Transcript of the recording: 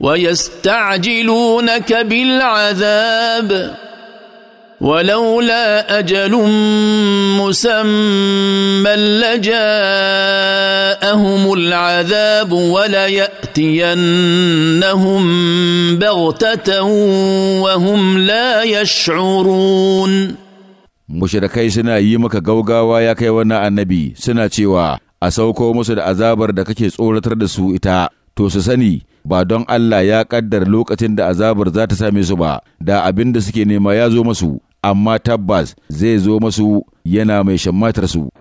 ويستعجلونك بالعذاب ولولا اجل مسمى لجاءهم العذاب ولياتينهم بغته وهم لا يشعرون mushrikai suna yi maka gaugawa ya kai wannan annabi suna cewa a sauko musu da azabar da kake tsoratar da su ita to su sani ba don Allah ya ƙaddara lokacin da azabar za ta same su ba, da abin da suke nema ya zo masu, amma tabbas zai zo masu yana mai shammatar su.